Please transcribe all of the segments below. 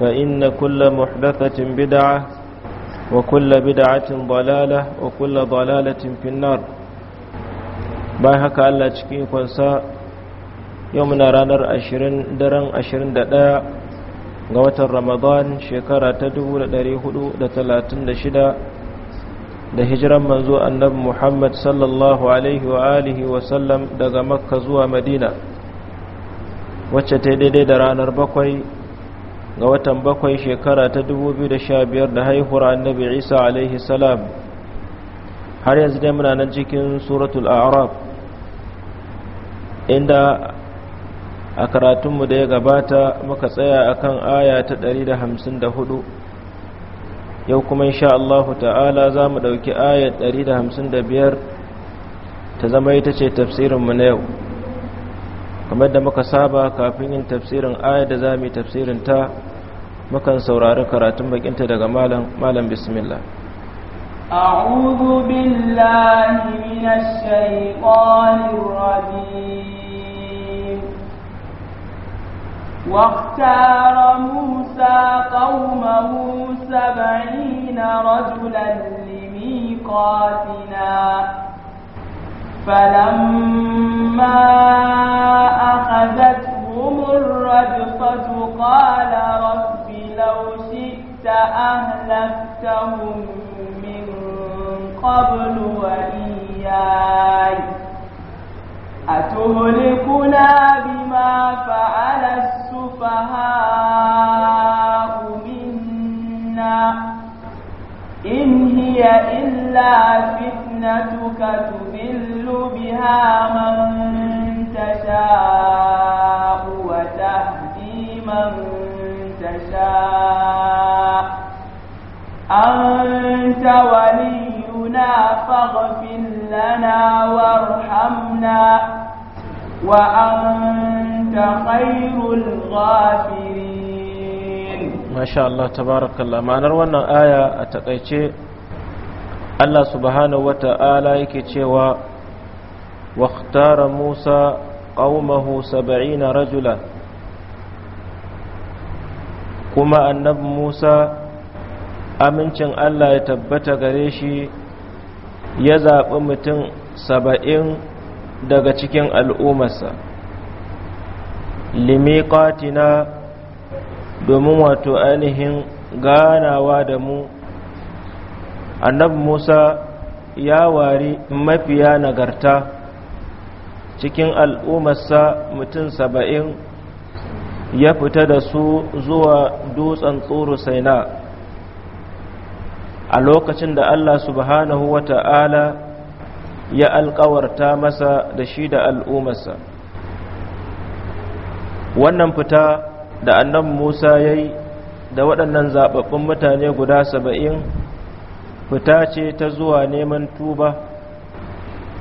فإن كل محدثة بدعة وكل بدعة ضلالة وكل ضلالة في النار باهك الله تشكين كونسا يومنا رانر أشرين درن أشرين دقاء قوات رمضان شكرة تدو لدريهدو لتلاتن لشدا لهجرا منذ النبي محمد صلى الله عليه وآله وسلم دقا مكة زوى مدينة wacce ta daidai da ranar bakwai ga watan bakwai shekara ta 2015 da haihuwar annabi isa alaihi salam har yanzu dai muna nan cikin suratul arab inda a karatunmu da ya gabata muka tsaya kan aya ta 154 yau kuma insha Allahu ta'ala za mu ɗauki aya 155 ta zama ita ce tafsirinmu na yau kamar da muka saba kafin yin tafsirin ayar da za mu yi tafsirin ta mukan saurari karatun bakinta daga malam malam bismillah a'udhu billahi minash الشيطان rajim واختار موسى قومه سبعين رجلا لميقاتنا فلما أخذتهم الرجفة قال رب لو شئت أهلكتهم من قبل وإياي أتهلكنا بما فعل السفهاء منا إن هي إلا فتنة سنتك تذل بها من تشاء وتهدي من تشاء أنت ولينا فاغفر لنا وارحمنا وأنت خير الغافرين ما شاء الله تبارك الله ما نروى أن آية أتقيتي Allah subhanahu wata'ala yake cewa واختار musa qaumahu 70 rajula Kuma annabi Musa, amincin Allah ya tabbata gare shi ya zaɓi mutum saba'in daga cikin al'ummarsa limiƙatina domin wato ainihin ganawa da mu annabi musa ya wari mafiya nagarta cikin al'umarsa mutum saba'in ya fita da su zuwa dutsen tsoro na a lokacin da allah subhanahu wa ta'ala ya alkawarta masa da shi da al'umarsa. wannan fita da annabi musa ya yi da waɗannan zaɓaɓɓun mutane guda saba'in fita ce ta zuwa neman tuba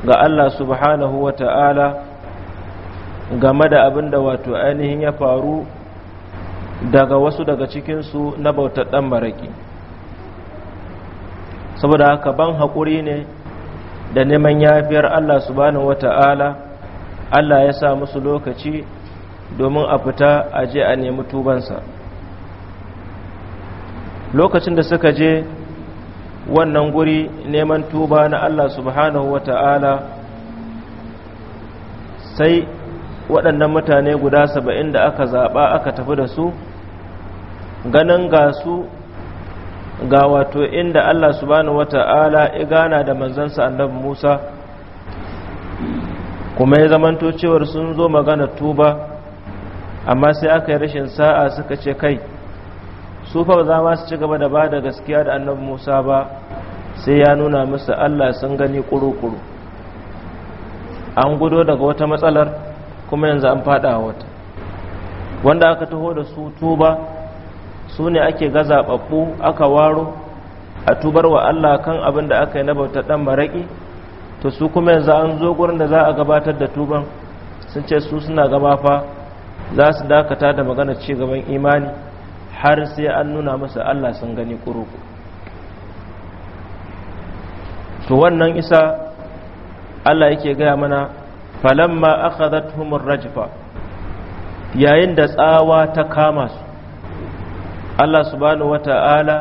ga Allah subhanahu wa ta'ala game da abin da wato ainihin ya faru daga wasu daga cikinsu na bauta ɗan maraƙi saboda haka ban haƙuri ne da neman yafiyar Allah subhanahu wa ta'ala Allah ya sa musu lokaci domin a fita a je a nemi tubansa lokacin da suka je wannan guri neman tuba na Allah subhanahu wa ta'ala sai waɗannan mutane guda saba'in da aka zaɓa aka tafi da su ganin ga su ga wato inda Allah subhanahu wa ta'ala ya gana da manzansa annabi Musa kuma ya zamanto cewar sun zo magana tuba amma sai aka yi rashin sa'a suka ce kai su fa ba za ma su ci gaba da ba da gaskiya da annabi musa ba sai ya nuna musu allah sun gani kuru-kuru an gudo daga wata matsalar kuma yanzu an fada wata wanda aka taho da su tuba su ne ake gaza babbu aka waro a tubar wa allah kan abin da aka yi na bauta dan maraki to su kuma yanzu an zo gurin da za a gabatar da tuban sun ce su suna gaba fa za su dakata da magana ci gaban imani har sai an nuna masa Allah sun gani kuruku to wannan isa Allah yake gaya mana falamma akhadathumur rajfa yayin da tsawa ta kama su Allah subhanahu wata'ala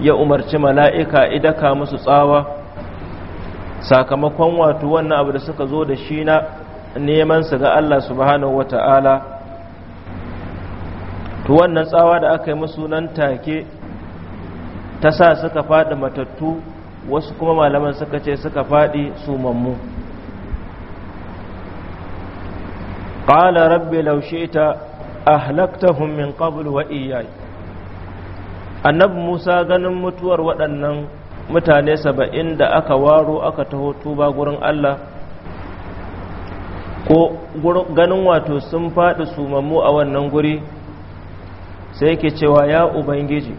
ya umarci mala'ika idaka musu tsawa sakamakon wato wannan abu da suka zo da shi na neman su ga Allah subhanahu wata'ala to wannan tsawa da aka yi musu nan take ta sa suka faɗi matattu wasu kuma malaman suka ce suka faɗi sumammu ƙala rabbi laushe ta ahlaktahum min qabl wa iyai annabi musa ganin mutuwar waɗannan mutane saba'in da aka waro aka taho tuba gurin allah ko ganin wato sun faɗi sumammu a wannan guri sai yake cewa ya ubangiji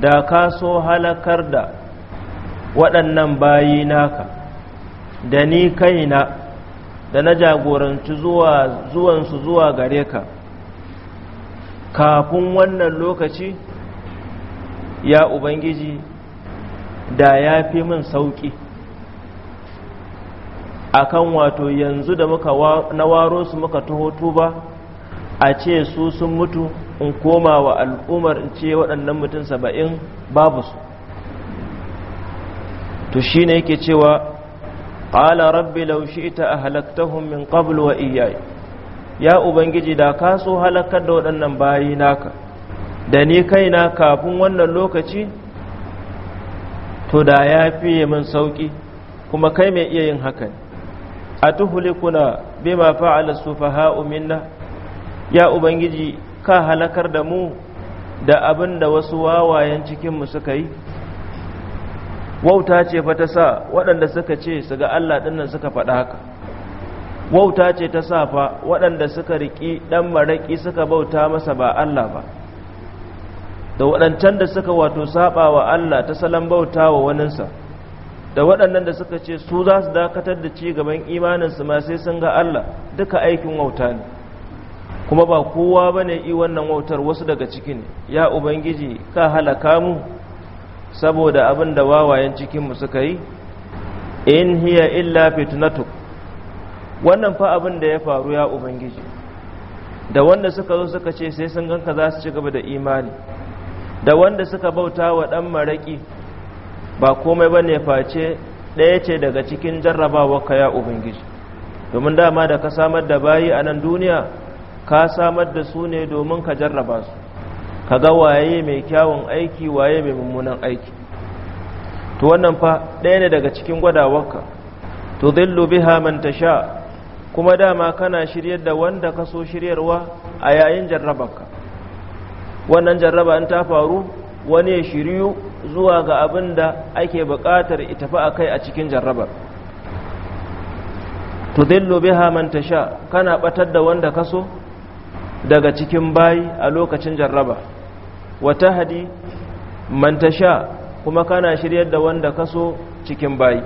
da ka so halakar da waɗannan bayi naka da ni kaina da na jagoranci zuwansu zuwa gare ka kafin wannan lokaci ya ubangiji da ya fi min sauƙi kan wato yanzu da muka na waro su muka taho tuba a ce su sun mutu in koma wa al'umar in ce waɗannan mutum saba'in babu su to shi ne yake cewa ƙala rabbi laushi ita a halaktahun min qablu wa iyayi ya ubangiji da ka so halakar da waɗannan bayi naka da ni kaina kafin wannan lokaci to da ya fiye min sauƙi kuma kai mai iya yin hakan a tuhulikuna bima fa'ala sufaha'u minna ya ubangiji ka halakar da mu da abin da wasu wawayen cikinmu suka yi wauta ce fa ta sa waɗanda suka ce su ga Allah ɗinnan suka faɗa haka wauta ce ta sa fa waɗanda suka riƙi ɗan maraƙi suka bauta masa ba Allah ba da waɗancan da suka wato saba wa Allah ta salon bauta wa waninsa da waɗannan da suka ce su za su dakatar da ci gaban imaninsu ma sai sun ga Allah duka aikin wauta ne kuma ba kowa ba ne i wannan wautar wasu daga cikin ya ubangiji ka halaka mu saboda abin da wawayen cikinmu suka yi in hiya illa fitnatu wannan fa abin da ya faru ya ubangiji da wanda suka zo suka ce sai sun ganka za su ci gaba da imani da wanda suka bauta wa ɗan maraƙi ba komai ba ne face ɗaya ce daga cikin jarrabawa ka ya ubangiji domin dama da ka samar da bayi a nan duniya ka samar da su ne domin ka jarraba su ka ga waye mai kyawun aiki waye mai mummunan aiki to wannan fa ɗaya ne daga cikin gwadawarka to zillu biha man tasha kuma dama kana shiryar da wanda ka so shiryarwa a yayin jarrabarka wannan jarraba an ta faru wani ya shiryu zuwa ga abin da ake buƙatar ita fa kai a cikin jarrabar tudillu biha man tasha kana batar da wanda ka so? daga cikin bayi a lokacin jarraba wata hadi mantasha kuma kana shiryar da wanda kaso cikin bayi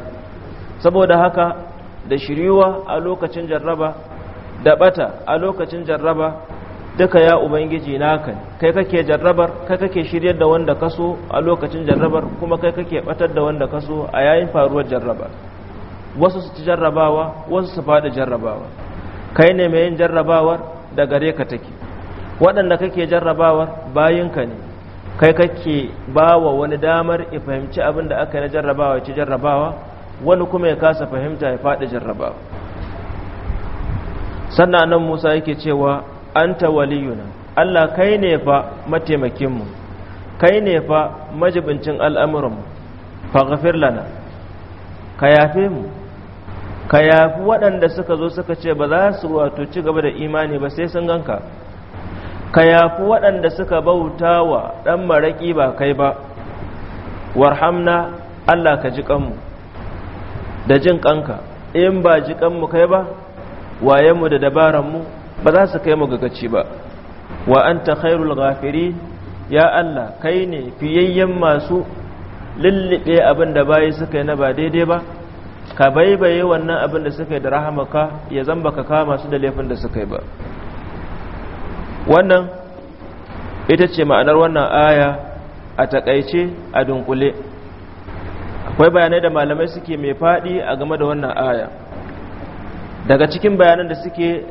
saboda haka da shiriwa a lokacin jarraba da bata a lokacin jarraba duka ya ubangiji naka kai kake jarrabar kai kake shiryar da wanda kaso a lokacin jarrabar kuma kai kake batar da wanda kaso a yayin faruwar jarraba wasu su ci jarrabawa wasu su faɗi jarrabawa kai ne mai yin jarrabawar da gare ka take waɗanda kake jarrabawar bayinka ne kai kake wa wani damar ya fahimci abin da aka yi na jarrabawa ya ci jarrabawa wani kuma ya kasa fahimta ya faɗi jarrabawa sannan nan musa yake cewa an ta waliyuna allah kai ne fa mataimakinmu kai ne fa majibincin al'amuranmu gafir lana ka yafe mu ka yafi waɗanda suka zo suka ce ba za su wato ci gaba da imani ba sai sun ganka ka yafi waɗanda suka bauta wa ɗan maraƙi ba kai ba warhamna allah ka ji ƙanmu da jin ƙanka in ba ji ƙanmu kai ba wayenmu da dabaranmu ba za su kai mu gagaci ba wa anta khairul gafiri ya allah kai ne fiyayyen masu lulluɓe abin da bayi suka yi na ba daidai ba ka baibaye wannan abin da suka yi da rahamaka ya zamba ka kama su da laifin da suka yi ba wannan ita ce ma'anar wannan aya a takaice a dunkule akwai bayanai da malamai suke mai faɗi a game da wannan aya daga cikin bayanan da suke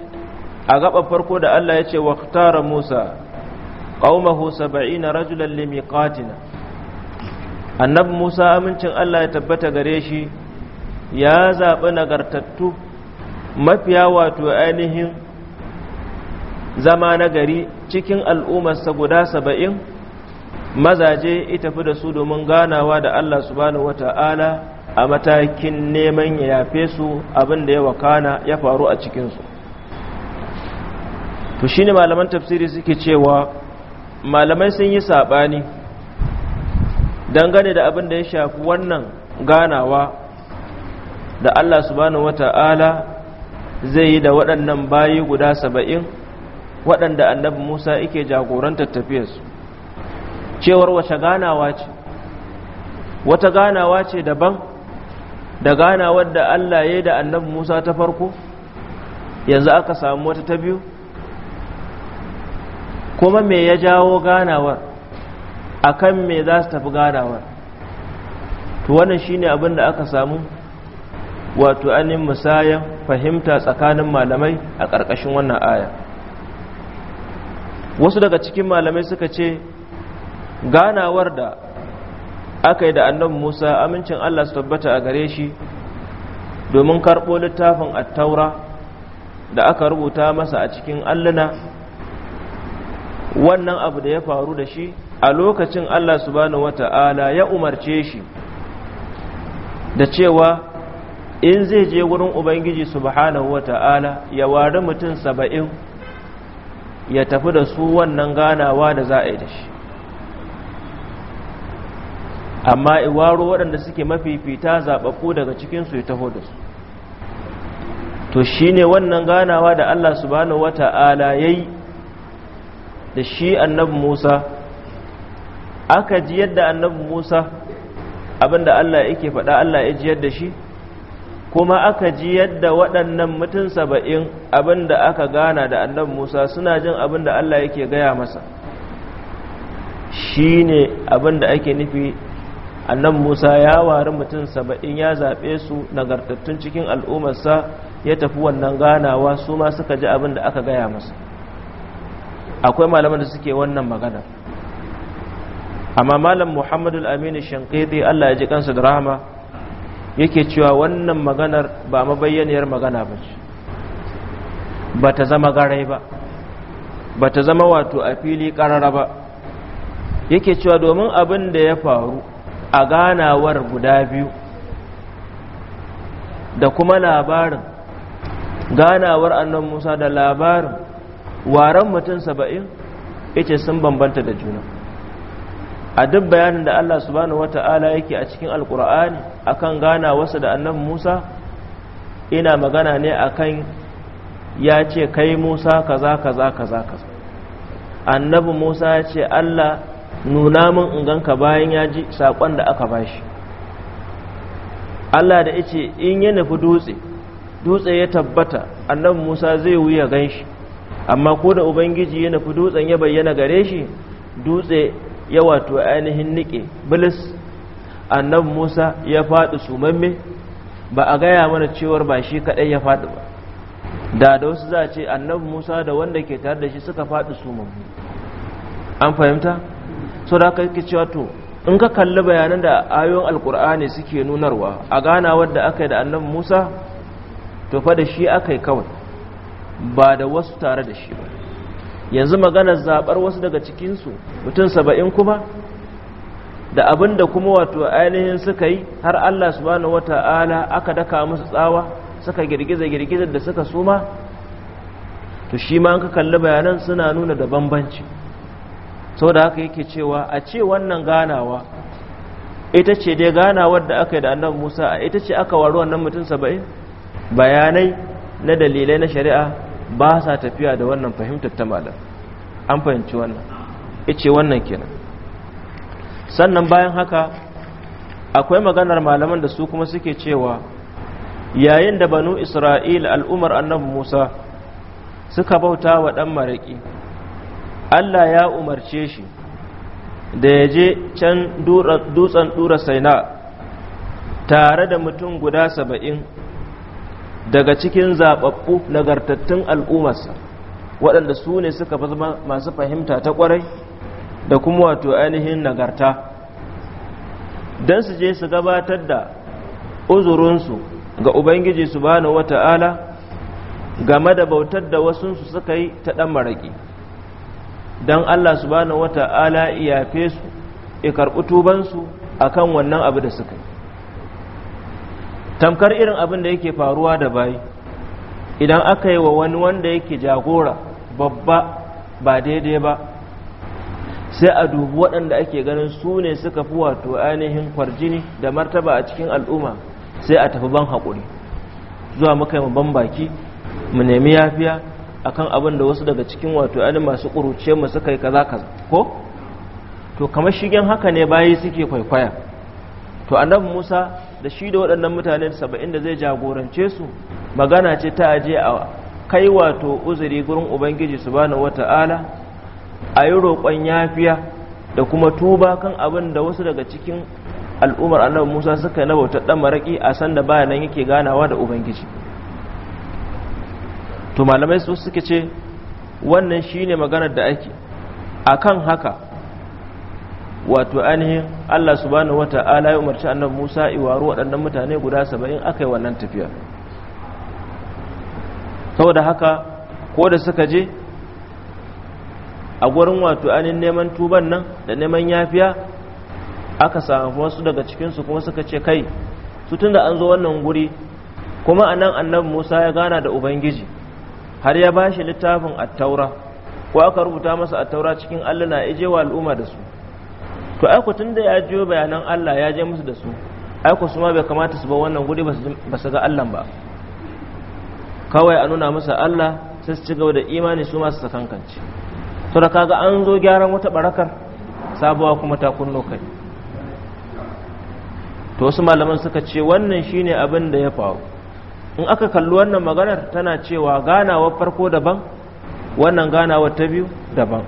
a gaɓar farko da Allah ya ce wa tara musa ƙaumahu 70 rajulan limiqatina Annabi musa amincin Allah ya tabbata gare shi ya zaɓi nagartattu mafiya wato ainihin zama nagari cikin al'ummarsa guda saba'in mazaje ita fi da su domin ganawa da Allah subhanahu ta'ala a matakin neman ya yafe su abin da ya wakana ya faru a cikinsu to shi ne malaman tafsiri suke cewa malamai sun yi saɓani dangane da abin da ya shafi wannan ganawa da Allah subhanahu wata'ala zai yi da waɗannan bayi guda saba'in waɗanda annabi Musa yake jagorantar tafiyarsu cewar wace ganawa ce wata ganawa ce daban da ganawar da Allah ya yi da annabi Musa ta farko yanzu aka samu wata ta biyu kuma me ya jawo ganawar akan me za su tafi ganawar to wannan shine abin da aka samu wato anin musayan fahimta tsakanin malamai a ƙarƙashin wannan aya wasu daga cikin malamai suka ce ganawar da aka yi da annabi musa amincin allah su tabbata a gare shi domin karɓo littafin attaura da aka rubuta masa a cikin alluna wannan abu da ya faru da shi a lokacin allah subhanahu wata'ala ya umarce shi da cewa in zai je wurin ubangiji subhanahu wata'ala ya wari mutum saba'in ya tafi da su wannan ganawa da za a yi da shi amma iwaro waɗanda suke mafifita zaɓaɓɓu daga cikinsu ya taho da su to shi ne wannan ganawa da allah subhanahu wata'ala ya yi da shi annabu musa aka ji yadda annabi musa abinda allah yake faɗa allah ya ji yadda shi kuma aka ji yadda waɗannan mutum saba'in abin da aka gana da annan musa suna jin abin da allah yake gaya masa shi ne abin da ake nufi annan musa ya wari mutum saba'in ya zaɓe su nagartattun cikin al'ummarsa ya tafi wannan ganawa su ma suka ji abin da aka gaya masa akwai malaman da suke wannan magana amma malam muhammadu aminu shankiti allah ya ji kansa da rahama yake cewa wannan maganar ba mabayyaniyar magana ba ce ba ta zama garai ba ba ta zama wato a fili karara ba yake cewa domin abin da ya faru a ganawar guda biyu da kuma labarin ganawar annan musa da labarin waren mutum saba'in yake sun bambanta da juna a duk bayanin da allah subhanahu wata'ala yake a cikin alkur'ani akan gana wasu da annabi Musa ina magana ne akan ya ce kai Musa kaza kaza kaza kaza annabi Musa ya ce Allah nuna min in ganka bayan ya ji sakon da aka bashi Allah da yace in ya nufi dutse dutse ya tabbata annabi Musa zai wuya ganshi amma ko da ubangiji ya nufi dutsen ya bayyana gare shi dutse ya wato ainihin nike bilis annabi Musa ya faɗi sumamme ba a gaya mana cewar ba shi kaɗai ya faɗi ba da da wasu za a ce annabi Musa da wanda ke tare da shi suka faɗi sumamme an fahimta so da aka yake cewa to in ka kalli bayanan da ayoyin alkur'ani suke nunarwa a ganawar da aka yi da annabi Musa to fa da shi aka yi kawai ba da wasu tare da shi ba yanzu maganar zaɓar wasu daga cikinsu mutum saba'in kuma da abin da kuma wato ainihin suka yi har Allah subhanahu wata'ala aka daka musu tsawa suka girgiza girgizar da suka suma to shi ma an ka kalli bayanan suna nuna da bambanci saboda haka yake cewa a ce wannan ganawa ita ce dai ganawar da aka yi da annabi Musa ita ce aka wari wannan mutum 70 bayanai na dalilai na shari'a ba sa tafiya da wannan fahimtar ta malam an fahimci wannan ce wannan kenan sannan bayan haka akwai maganar malaman da su kuma suke cewa yayin da banu isra'il al'umar annabi musa suka bauta wa ɗan maraƙi allah ya umarce shi da ya je can dutsen ɗura saina tare da mutum guda saba'in daga cikin zaɓaɓɓu nagartattun al'umarsa waɗanda su ne suka fi masu fahimta ta ƙwarai da kuma wato ainihin nagarta don su je su gabatar da uzurinsu ga ubangiji subhanahu wata'ala game da bautar da wasunsu suka yi ta ɗan maraƙi don allah su subhanahu wata'ala iyafe su ya karɓi tubansu a kan wannan abu da suka yi tamkar irin abin da yake faruwa da bayi idan aka yi wa wani wanda yake jagora babba ba daidai ba sai a dubi waɗanda ake ganin su ne suka fi wato ainihin kwarjini da martaba a cikin al'umma sai a tafi ban haƙuri zuwa muka yi ban baki mu nemi yafiya a kan abin da wasu daga cikin wato ainihin masu ƙuruce mu suka yi kaza kaza ko to kamar shigen haka ne bayi suke kwaikwaya to annabi musa da shi da waɗannan mutane saba'in da zai jagorance su magana ce ta aje a kai wato uzuri gurin ubangiji su subhanahu wata'ala a yi roƙon yafiya da kuma tuba kan abin da wasu daga cikin al'ummar annabi musa suka na bautar ɗan maraƙi a sanda da baya yake ganawa da ubangiji to malamai su suke ce wannan shi ne maganar da ake a kan haka wato ainihin allah su wata ala ya umarci annabi musa iwaru waɗannan mutane guda saba'in aka yi wannan tafiya saboda haka ko da suka je a gurin wato anin neman tuban nan da neman yafiya aka samu wasu daga cikinsu kuma suka ce kai su tunda an zo wannan guri kuma a nan annabi musa ya gana da ubangiji har ya ba shi littafin attaura ko aka rubuta masa attaura cikin allah na ije wa al'umma da su to aiko tun da ya jiyo bayanan allah ya je musu da su aiko su ma bai kamata su ba wannan guri ba su ga allah ba kawai a nuna masa allah sai su ci gaba da imani su masu sakankanci da kaga an zo gyaran wata barakar sabuwa kuma ta kunno kai to wasu malaman suka ce wannan shine abin da ya faru in aka kalli wannan maganar tana cewa ganawar farko daban wannan ganawar ta biyu daban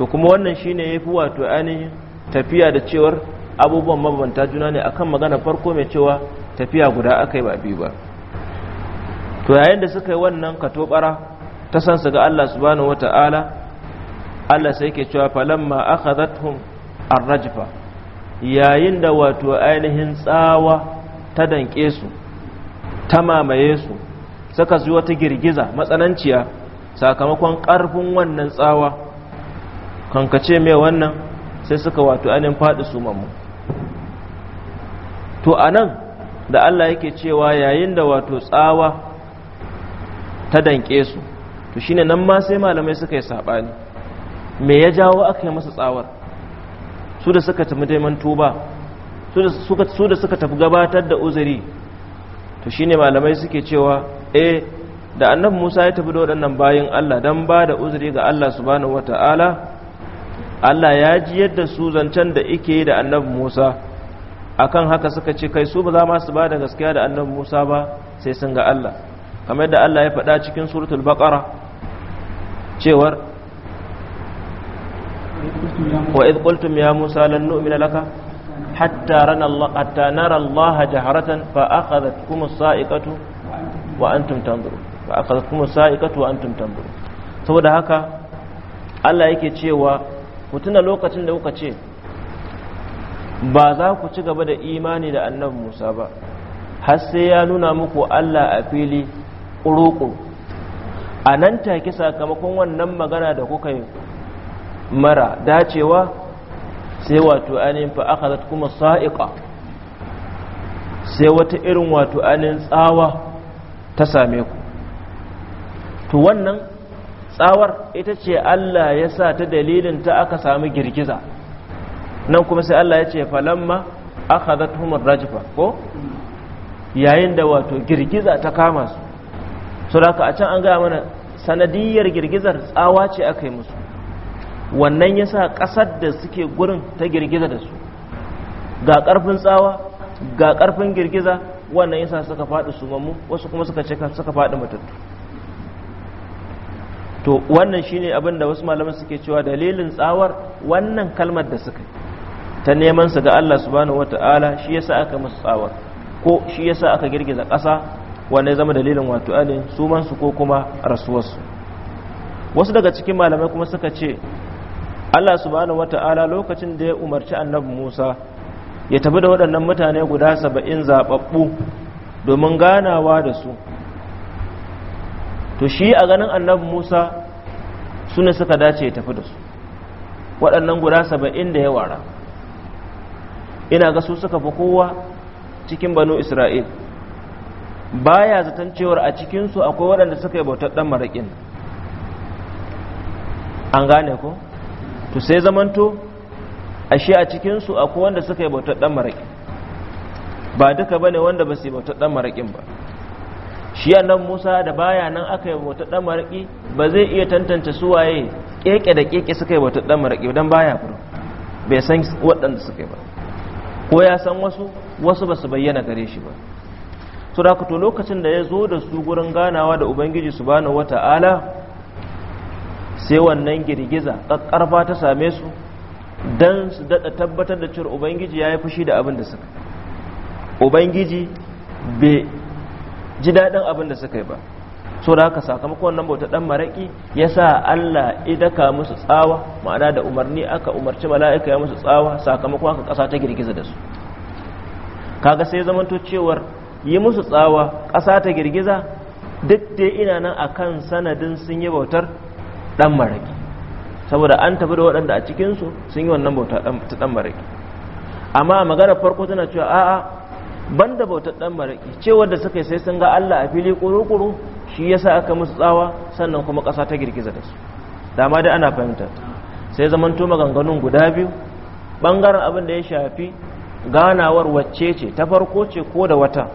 to kuma wannan shine yafi wato ainihin tafiya da cewar abubuwan mabanta juna ne akan maganar farko mai cewa tafiya guda aka yi ba biyu ba to yayin da suka yi wannan katobara ta san su ga Allah subhanahu wata'ala Allah sai yake cewa falamma akhadhatuhum ar-rajfa yayin da wato ainihin tsawa ta danke su ta mamaye su suka zuwa ta girgiza matsananciya sakamakon karfin wannan tsawa kankace mai wannan sai suka wato ainihin faɗi su mamu to anan da Allah yake cewa yayin da wato tsawa ta danke su to shine nan ma sai malamai suka yi sabani me ya jawo aka yi masa tsawar su da suka tafi neman tuba su da suka tafi gabatar da uzuri to shine malamai suke cewa eh da annabi Musa ya tafi da waɗannan bayan Allah don ba da uzuri ga Allah subhanahu wata'ala Allah ya ji yadda su zancen da ike da annabi Musa akan haka suka ce kai su ba za ma su ba da gaskiya da annabi Musa ba sai sun ga Allah kamar da Allah ya faɗa cikin suratul baqara cewar wa idh qultum ya musa lan nu'mina laka hatta rana Allah hatta nara Allah jaharatan fa akhadhatkum as-sa'iqatu wa antum tanzurun fa akhadhatkum as-sa'iqatu wa antum tanzurun saboda haka Allah yake cewa ku tuna lokacin da kuka ce ba za ku ci gaba da imani da annabi Musa ba har sai ya nuna muku Allah a fili ƙuruƙu a nan take sakamakon wannan magana da kuka yi mara dacewa sai wato anin fa kuma sa'iqa sai wata irin wato anin tsawa ta same ku to wannan tsawar ita ce Allah ya sa ta dalilin ta aka samu girgiza nan kuma sai Allah ya ce falamma akhadathum humur rajfa ko yayin da wato girgiza ta kama su saboda a can an ga mana sanadiyar girgizar tsawa ce aka yi musu wannan ya sa ƙasar da suke gurin ta girgiza da su ga ƙarfin tsawa ga ƙarfin girgiza wannan ya sa suka faɗi sumammu wasu kuma suka ce suka faɗi matattu to wannan shine abin da wasu malaman suke cewa dalilin tsawar wannan kalmar da suka ta neman su ga Allah subhanahu wata'ala shi sa aka musu tsawar ko shi ya sa aka girgiza ƙasa wanda ya zama dalilin wato alin sumansu ko kuma rasuwarsu wasu daga cikin malamai kuma suka ce Allah subhanahu wata'ala lokacin da ya umarci annabi Musa ya tafi da waɗannan mutane guda saba'in zaɓaɓɓu domin ganawa da su to shi a ganin annabi Musa su suka dace ya tafi da su waɗannan guda saba'in da ya wara ina ga su suka fi kowa cikin banu Isra'il baya zaton cewar a cikinsu akwai waɗanda suka yi bautar ɗan maraƙin an gane ko? to sai zamanto ashe a cikinsu akwai wanda suka yi bautar dan maraƙi ba duka bane wanda ba su yi bautar dan maraƙin ba shi nan musa da baya nan aka yi bautar dan maraƙi ba zai iya tantance su waye keke da keke suka yi bautar dan maraƙi don baya furo bai san waɗanda suka yi ba ko ya san wasu wasu ba su bayyana gare shi ba to da to lokacin da ya zo da su gurin ganawa da ubangiji subhanahu wata'ala sai wannan girgiza ƙaƙƙarfa ta same su don su daɗa tabbatar da cewa ubangiji ya yi fushi da abin da suka ubangiji bai ji daɗin abin da suka yi ba so da haka sakamakon wannan bauta ɗan maraƙi ya sa allah idaka musu tsawa ma'ana da umarni aka umarci mala'ika ya musu tsawa sakamakon aka ƙasa ta girgiza da su kaga sai zamanto cewar yi musu tsawa ƙasa ta girgiza duk dai ina nan akan sanadin sun yi bautar dan maraki saboda an tafi da waɗanda a cikinsu sun yi wannan bauta ta dan maraki amma magana farko tana cewa a'a banda bautar dan maraki cewa da suka yi sai sun ga Allah a fili kurukuru shi yasa aka musu tsawa sannan kuma ƙasa ta girgiza da su dama dai ana fahimta sai zaman to maganganun guda biyu bangaren abin da ya shafi ganawar wacce ce ta farko ce ko da wata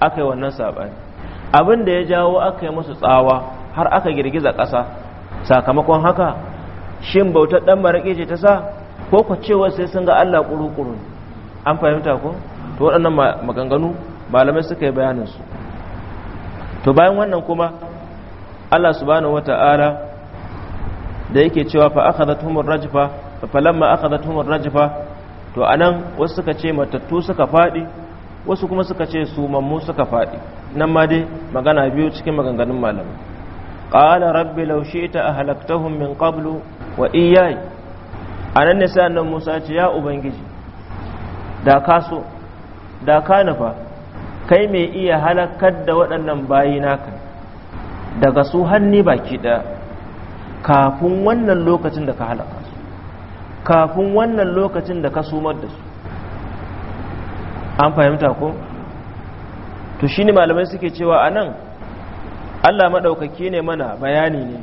aka yi wannan saɓani abin da ya jawo aka yi musu tsawa har aka girgiza ƙasa sakamakon haka shin bautar ɗan maraƙi ce ta sa ko ku cewa sai sun ga Allah ƙuru ƙuru an fahimta ko to waɗannan maganganu malamai suka yi bayanin su to bayan wannan kuma Allah subhanahu wata'ala da yake cewa fa akhadhatuhum ar-rajfa fa falamma akhadhatuhum ar-rajfa to anan wasu suka ce matattu suka faɗi, wasu kuma suka ce su mammu suka fadi nan ma dai magana biyu cikin maganganun malamai qala rabbi law shi'ta ahlaktahum min qablu wa iyyai anan ne sai annabi Musa ce ya ubangiji da ka so da ka kai mai iya halakar da waɗannan bayi naka daga su hanni baki ɗaya kafin wannan lokacin da ka halaka su kafin wannan lokacin da ka sumar da su an fahimta ko to shi ne malamai suke cewa anan Allah maɗaukaki ne mana bayani ne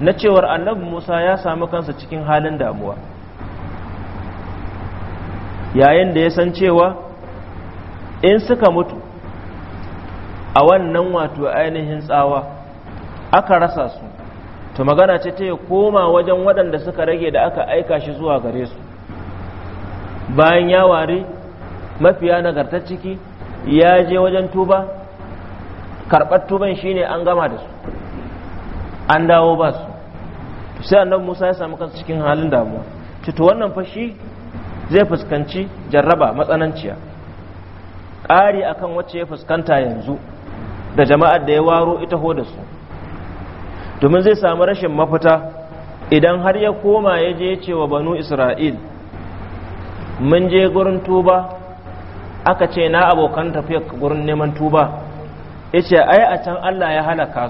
na cewar annabi Musa ya samu kansa cikin halin damuwa yayin da ya san cewa in suka mutu a wannan wato ainihin tsawa aka rasa su to magana ce ta ya koma wajen waɗanda suka rage da aka aika shi zuwa gare su bayan ya ware mafiya nagartar ciki ya je wajen tuba karɓar tuban shine an gama da su an dawo ba su sai annabi Musa ya samu kansa cikin halin damuwa to wannan fashi zai fuskanci jarraba matsananciya ƙari akan wacce ya fuskanta yanzu da jama'ar da ya waro ita ho da su domin zai samu rashin mafita idan har ya koma ya je ce wa banu isra'il mun je gurin tuba aka ce na abokan tafiya gurin neman tuba ce ai a can Allah ya halaka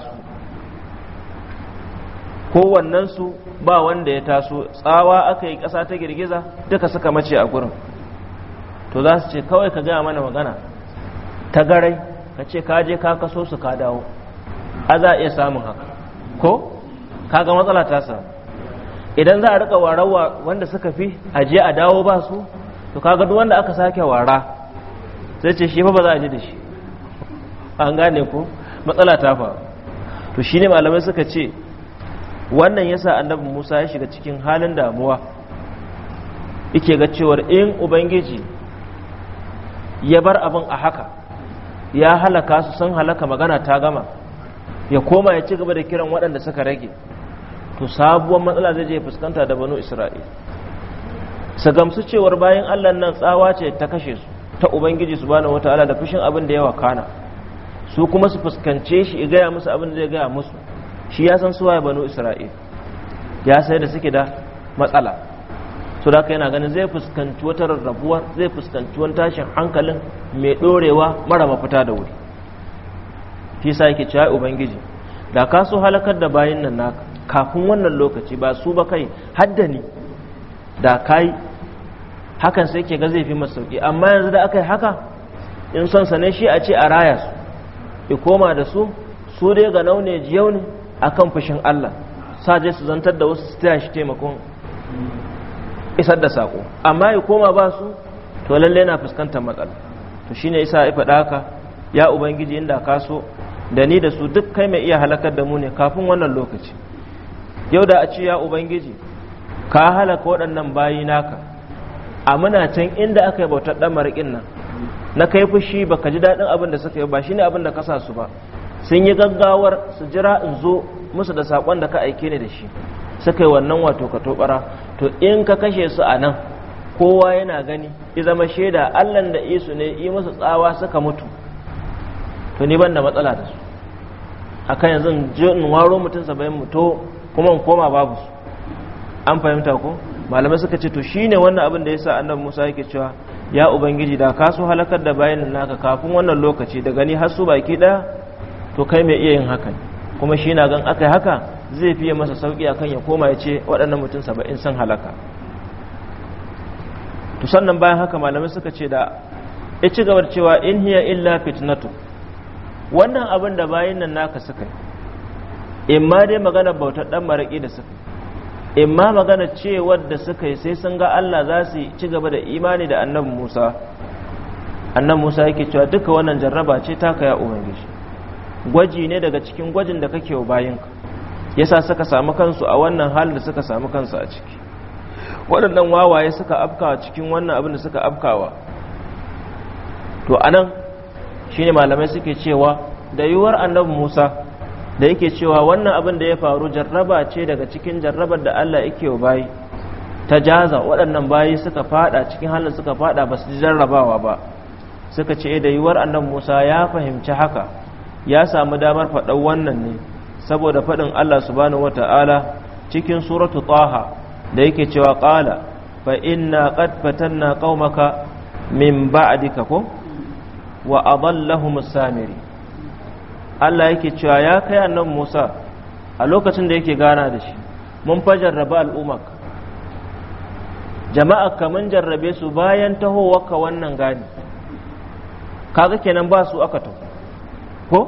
su wannan su ba wanda ya taso tsawa aka yi ƙasa ta girgiza duka suka mace a gurin to za su ce kawai ka gaya mana magana ta garai ka ce ka je ka kaso su ka dawo a za a iya samun haka ko kaga matsala ta samu idan za a rika warawa wanda suka fi a je a dawo ba su to kaga duk wanda aka sake wara sai ce shi fa ba za a ji da shi an gane ku matsala ta faru to shine malamai suka ce wannan yasa annabi Musa ya shiga cikin halin damuwa yake ga cewar in ubangiji ya bar abin a haka ya halaka su san halaka magana ta gama ya koma ya ci gaba da kiran waɗanda suka rage to sabuwar matsala zai je fuskanta da banu isra'il su gamsu cewar bayan allah nan tsawa ce ta kashe su ta ubangiji su bane wata ala da fushin abin da yawa kana su kuma su fuskance shi ya gaya musu abin da zai gaya musu shi ya san suwaye banu isra'il ya sai da suke da matsala su da yana ganin zai fuskanci wata rarrabuwar zai fuskanci wani tashin hankalin mai ɗorewa mara mafita da wuri shi sa yake cewa ubangiji da ka so halakar da bayin nan naka kafin wannan lokaci ba su ba kai haddani da kai hakan sai ke ga zai fi masauki amma yanzu da aka yi haka in son sane shi a ce a raya su ya koma da su su dai ga naune jiyau ne kan fushin Allah je su zantar da wasu su shi taimakon isar da saƙo amma ya koma ba su to lalle na fuskantar matsala to shi ne isa ya faɗa haka ya ubangiji inda ka so da ni da su duk kai mai iya halakar da mu ne kafin wannan lokaci yau da a ce ya ubangiji ka halaka waɗannan bayi naka a muna can inda aka yi bautar ɗan mariƙin nan na kai fushi baka ji daɗin abin da suka yi ba shine abin da ka sa su ba sun yi gaggawar su jira in zo musu da saƙon da ka aike ne da shi suka yi wannan wato ka tobara to in ka kashe su a nan kowa yana gani i zama shaida allan da isu ne yi musu tsawa suka mutu to ni ban da matsala da su akan yanzu in waro mutum bayan mutu kuma in koma babu su an fahimta ko malamai suka ce to shine wannan abin da yasa annabi Musa yake cewa ya ubangiji da ka so halakar da bayanin naka kafin wannan lokaci da gani har su baki da to kai mai iya yin haka kuma shi na gan akai haka zai fiye masa sauki akan ya koma ya ce waɗannan mutum 70 sun halaka to sannan bayan haka malamai suka ce da ya ci gabar cewa in hiya illa fitnatu wannan abin da bayin nan naka suka yi in ma dai maganar bautar dan maraki da suka yi. in ma magana cewar da suka yi sai sun ga Allah za su ci gaba da imani da annabi Musa annabi Musa yake cewa duka wannan jarraba ce ta kaya ubangiji gwaji ne daga cikin gwajin da kake wa bayinka yasa suka samu kansu a wannan halin da suka samu kansu a ciki waɗannan wawaye suka afkawa cikin wannan abin da suka afkawa to anan shine malamai suke cewa da yiwuwar annabi Musa da yake cewa wannan abin da ya faru jarraba ce daga cikin jarrabar da Allah yake wa bayi ta jaza waɗannan bayi suka fada cikin halin suka fada ba su jarrabawa ba suka ce eh, da yiwuwar annan Musa ya fahimci haka ya samu damar faɗan wannan ne saboda faɗin Allah subhanahu wata'ala cikin suratu taha da yake cewa ƙala fa inna qad fatanna qaumaka min ba'dika ko wa adallahum samiri Allah yake cewa ya kai annabi Musa a lokacin da yake gana da shi mun fa jarraba al'ummak jama'a kaman jarrabe su bayan tahowarka wannan gani kaga kenan ba su aka taho ko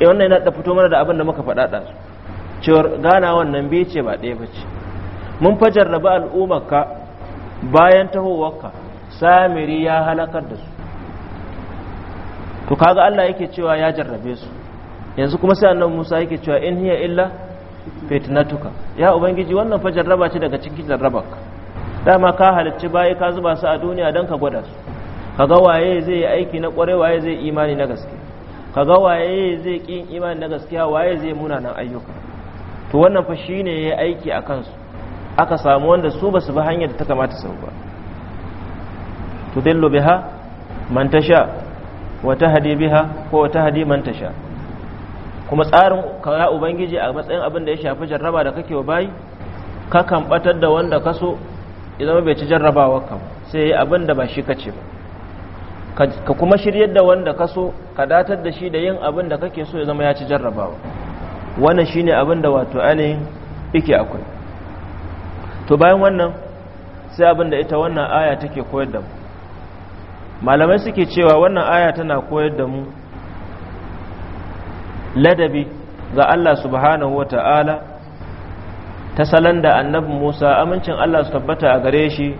e wannan yana da fito mana da abin da muka faɗa da su cewar gana wannan bai ce ba ɗaya bace mun fa jarraba al'ummarka bayan tahowarka samiri ya halakar da su to kaga Allah yake cewa ya jarrabe su yanzu kuma sai annabi Musa yake cewa in hiya illa fitnatuka ya ubangiji wannan fa jarraba ce daga cikin jarrabarka dama ka halicci bayi ka zuba su a duniya dan ka gwada su kaga waye zai yi aiki na kware waye zai imani na gaske kaga waye zai kin imani na gaskiya waye zai munanan ayyuka to wannan fa shine yayi aiki a kansu aka samu wanda su basu bi hanyar da ta kamata su ba to tudillu biha man tasha wa tahdi biha ko wa tahdi man tasha kuma tsarin kara ubangiji a matsayin abin da ya shafi jarraba da kake bayi ka kan batar da wanda ka so ya zama bai ci jarrabawa kan sai ya abin da ba shi kace ba ka kuma shiryar da wanda ka so ka datar da shi da yin abin da kake so ya zama ya ci jarrabawa wannan shine abin da wato ainihin yake akwai to bayan wannan sai abin da ita wannan aya take koyar da mu malamai suke cewa wannan aya tana koyar da mu ladabi ga Allah subhanahu wa ta'ala ta salon da annabi Musa amincin Allah su tabbata a gare shi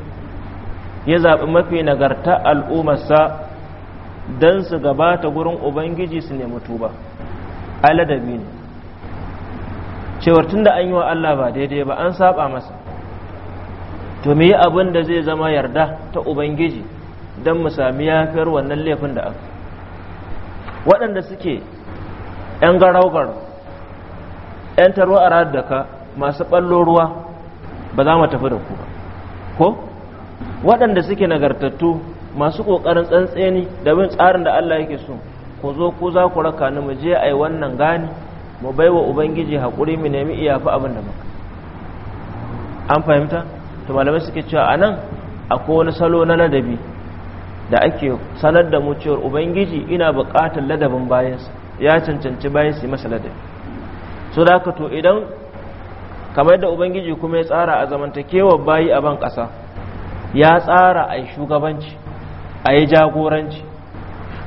ya zaɓi mafi nagarta al'ummarsa don su gabata gurin Ubangiji su nemi tuba a ladabi ne cewar tun da an yi wa Allah ba daidai ba an saba masa to me yi abin da zai zama yarda ta Ubangiji don mu sami yafiyar wannan laifin da aka waɗanda suke 'yan garaugar 'yan tarwa a da ka masu ɓallo ruwa ba za mu tafi da ku ko waɗanda suke nagartattu masu ƙoƙarin tsantseni da bin tsarin da Allah yake so ku zo ku za ku raka ni mu je ai wannan gani mu baiwa ubangiji haƙuri mu nemi iyafi abin da muka an fahimta to malamai suke cewa anan akwai wani salo na ladabi da ake sanar da mu cewar ubangiji ina buƙatar ladabin bayansa ya cancanci bayan su yi masa ladabi so da to idan kamar da ubangiji kuma ya tsara a zamantakewar bayi a ban ƙasa ya tsara a yi shugabanci a yi jagoranci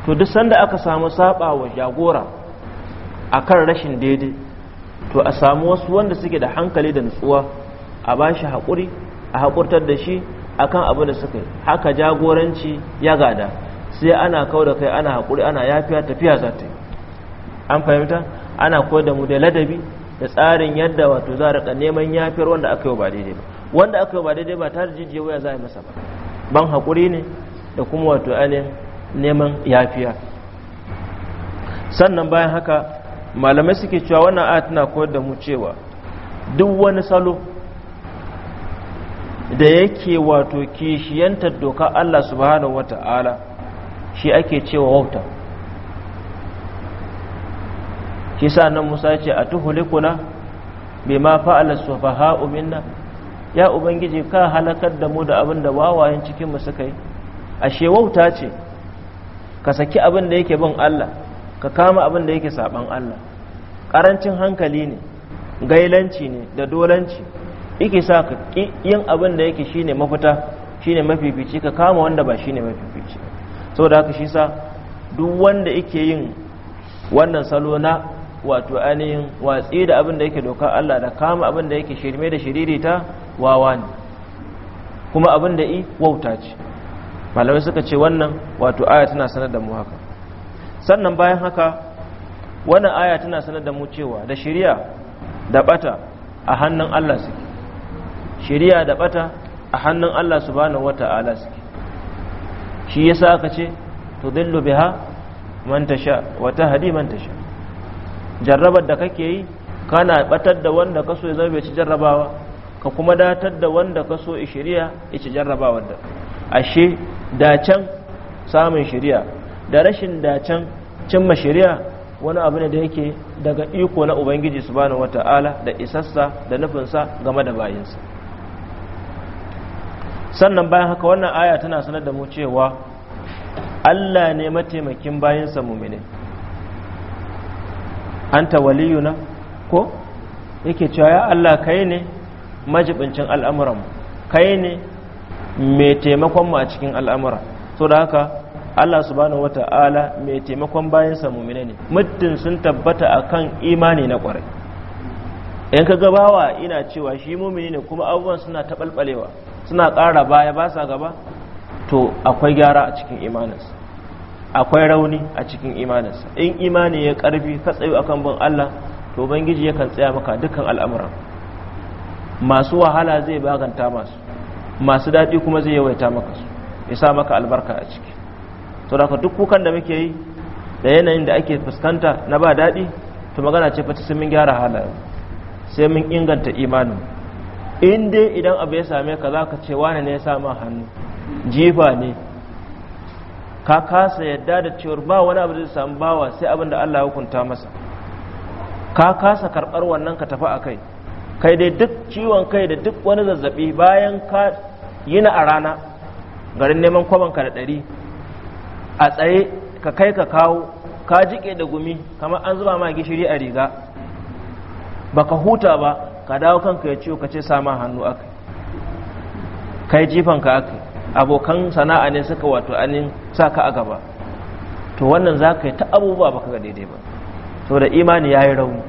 to duk sanda aka samu saba wa jagora a kan rashin daidai to a samu wasu wanda suke da hankali da nutsuwa a ba shi haƙuri a haƙurtar da shi akan abin da suka yi haka jagoranci ya gada sai ana kawo da kai ana haƙuri ana yafiya tafiya za ta yi an fahimta ana koyar da mu da ladabi da tsarin yadda wato za a rika neman yafiyar wanda aka yi ba daidai ba wanda aka yi ba daidai ba ta jijiyar waya za a yi masa ba ban haƙuri ne da kuma wato ainihin neman yafiya sannan bayan haka malamai suke cewa wannan aya tana koyar da mu cewa duk wani salo da yake wato kishiyantar doka Allah subhanahu ta'ala shi ake cewa wauta shi sa nan Musa ce a tuhlikuna bima fa'ala sufaha'u minna ya ubangiji ka halakar da mu da abin da wawayen cikin mu suka yi ashe wauta ce ka saki abin da yake bin Allah ka kama abin da yake saban Allah karancin hankali ne gailanci ne da dolanci yake sa ka yin abin da yake shine mafita shine mafifici ka kama wanda ba shine mafifici saboda haka shi sa duk wanda yake yin wannan salo na wato ainihin watsi da abin da yake doka Allah da kama abin da yake shirme da shiririta wawa ne kuma abin da i wauta ce malamai suka ce wannan wato aya tana sanar da mu haka sannan bayan haka wannan aya tana sanar da mu cewa da shiriya da bata a hannun Allah suke shiriya da bata a hannun Allah subhanahu wata'ala suke shi yasa aka ce tudillu biha man tasha wa tahdi man tasha jarrabar da kake yi kana batar da wanda kaso ya zama ci jarrabawa ka kuma datar da wanda kaso ya shiriya ya ci jarrabawar da ashe dacen samun shiriya da rashin dacen cimma shiriya wani abu ne da yake daga iko na ubangiji subhanahu wata'ala da isassa da nufinsa game da bayinsa sannan bayan haka wannan aya tana sanar da mu cewa Allah ne mataimakin bayansa mumine anta waliyuna ko yake cewa ya Allah kai ne majibincin al'amuranmu kai ne mai taimakonmu a cikin al'amura so da haka Allah subhanahu wata'ala mai taimakon bayansa mumine ne muddin sun tabbata akan imani na kwarai yan ka gabawa ina cewa shi mumini ne kuma abubuwan suna taɓalɓalewa suna ƙara baya ba sa gaba to akwai gyara a cikin imaninsa akwai rauni a cikin imaninsa in imani ya ƙarfi ka tsayo akan bin Allah to bangiji yakan tsaya maka dukkan al'amura masu wahala zai baganta masu masu daɗi kuma zai yawaita maka su ya sa maka albarka a ciki to da duk kukan da muke yi da yanayin da ake fuskanta na ba daɗi to magana ce fata sai mun gyara halayen sai mun inganta imanin in dai idan abu ya same ka za ka ce wane ne ya sami hannu jifa ne ka kasa yadda da cewar ba wani abu zai samu bawa sai abin da Allah ya hukunta masa ka kasa karɓar wannan ka tafi a kai kai dai duk ciwon kai da duk wani zazzabi bayan ka yi na a rana garin neman ka da ɗari a tsaye ka kai ka kawo ka jike da gumi kamar an zuba ma gishiri a riga baka huta ba ka dawo kanka ya ciwo ka ce sama hannu aka kai jifanka aka abokan sana'a ne suka wato anin ka a gaba to wannan za ka yi ta abubuwa baka ga daidai ba da imani ya yi rauni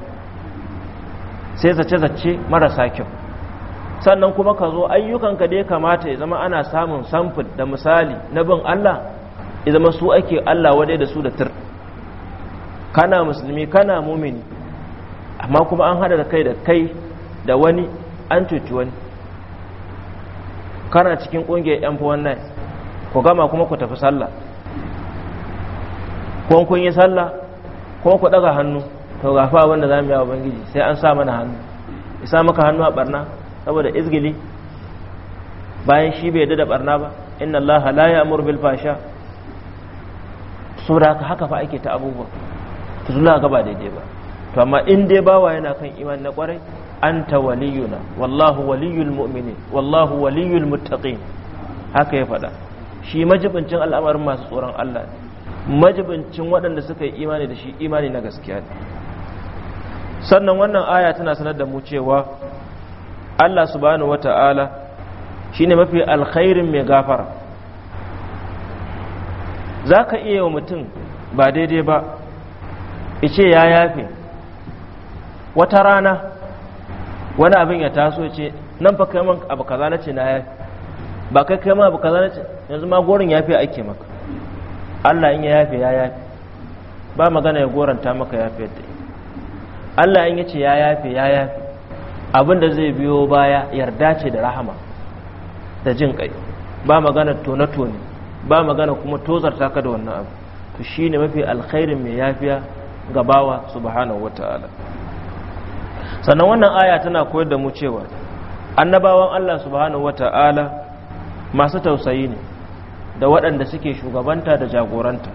sai zace-zace marasa kyau sannan kuma ka zo ayyukanka da ya kamata ya zama ana samun samfur da misali na bin Allah ya zama su ake Allah wadai da su da tur kana musulmi kana mumini amma kuma an hada da kai da kai da wani an cuci wani kana cikin ƙungiyar yan fi wannan ku gama kuma ku tafi sallah ko kun yi sallah ko ku ɗaga hannu to gafa abin da za mu yi wa bangiji sai an sa mana hannu isa maka hannu a barna saboda izgili bayan shi bai yadda da barna ba inna allaha la ya'mur bil fasha So haka haka fa ake ta abubuwa to gaba daidai ba to amma in dai bawa yana kan iman na kwarai anta waliyuna wallahu waliyul mu'minin wallahu waliyul muttaqin haka ya faɗa shi majibincin al'amarin masu tsoron Allah majibincin waɗanda suka yi imani da shi imani na gaskiya ne sannan wannan aya tana sanar da mu cewa Allah subhanahu wata'ala shine mafi alkhairin mai gafara zaka iya wa mutum ba daidai ba ice ya yafe wata rana wani abin ya taso ce nan fa kai man abu kaza na na ya ba kai kai man abu kaza nace yanzu ma gorin ya fi ake maka Allah in ya yafe ya yafe ba magana ya goranta maka ya fi Allah in ya ce ya yafe ya yafe abin da zai biyo baya yarda ce da rahama da jin kai ba magana tona tone ba magana kuma tozarta ka da wannan abu to shine mafi alkhairin mai yafiya ga bawa subhanahu wataala sannan wannan aya tana koyar da mu cewa annabawan Allah subhanahu wata'ala masu tausayi ne da waɗanda suke shugabanta da jagoranta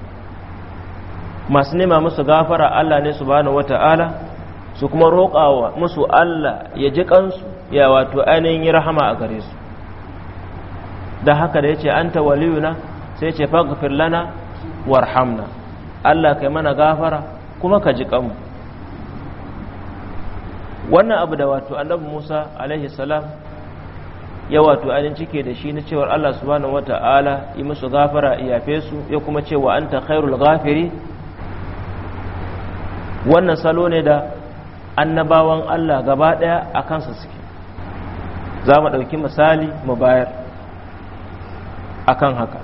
masu nema musu gafara Allah ne subhanahu wata'ala su kuma roƙawa musu Allah ya ji kansu ya wato ainihin yi rahama a gare su da haka da ya ce an tawaliyuna sai ce faghfir lana warhamna Allah kai mana gafara kuma ka ji kanmu wannan abu da wato annabi Musa alaihi salam ya wato ainihin cike da shi na cewar Allah subhanahu wata'ala yi musu gafara iyafe su ya kuma ce cewa anta khairul ghafiri wannan salo ne da annabawan Allah gaba daya a kansa suke za mu ɗauki misali mu bayar akan haka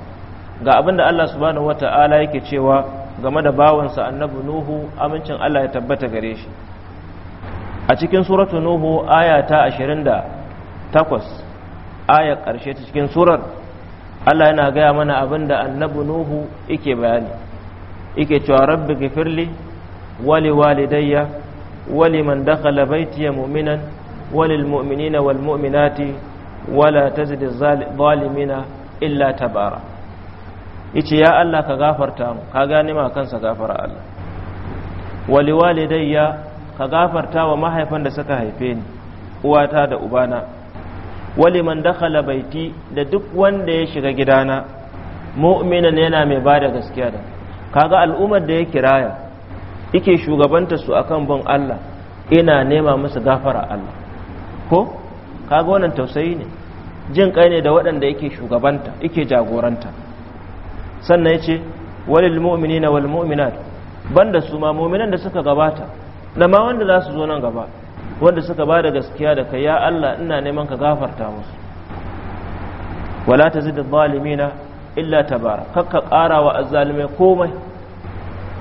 ga abin da Allah subhanahu wata'ala yake cewa game da bawansa annabi Nuhu amincin Allah ya tabbata gare shi a cikin suratu nuhu aya ta takwas aya ƙarshe ta cikin surar Allah yana gaya mana abin da annabu nuhu yake bayani Ike cewa rabbi gifirli wali walidayya wali man dakhala baitiya mu'minan walil mu'minina wal mu'minati wala tazid zalimina illa tabara yace ya Allah ka gafarta mu ka gane ma kansa gafara Allah wali walidayya ka gafarta wa mahaifan da suka haife ni uwata da ubana Wali man dakhala baiti da duk wanda ya shiga gidana mu'minan yana mai bada gaskiya da kaga al'ummar da ya kiraya yake shugabanta su akan bin Allah ina nema musu gafara Allah ko kaga wannan tausayi ne jin kai ne da waɗanda yake shugabanta yake jagoranta sannan yace walil mu'minina wal mu'minat banda su ma mu'minan da suka gabata da ma wanda za su zo nan gaba wanda suka ba da gaskiya da kai ya Allah ina neman ka gafarta musu wala ta zida illa tabara kakka kara wa azzalimai komai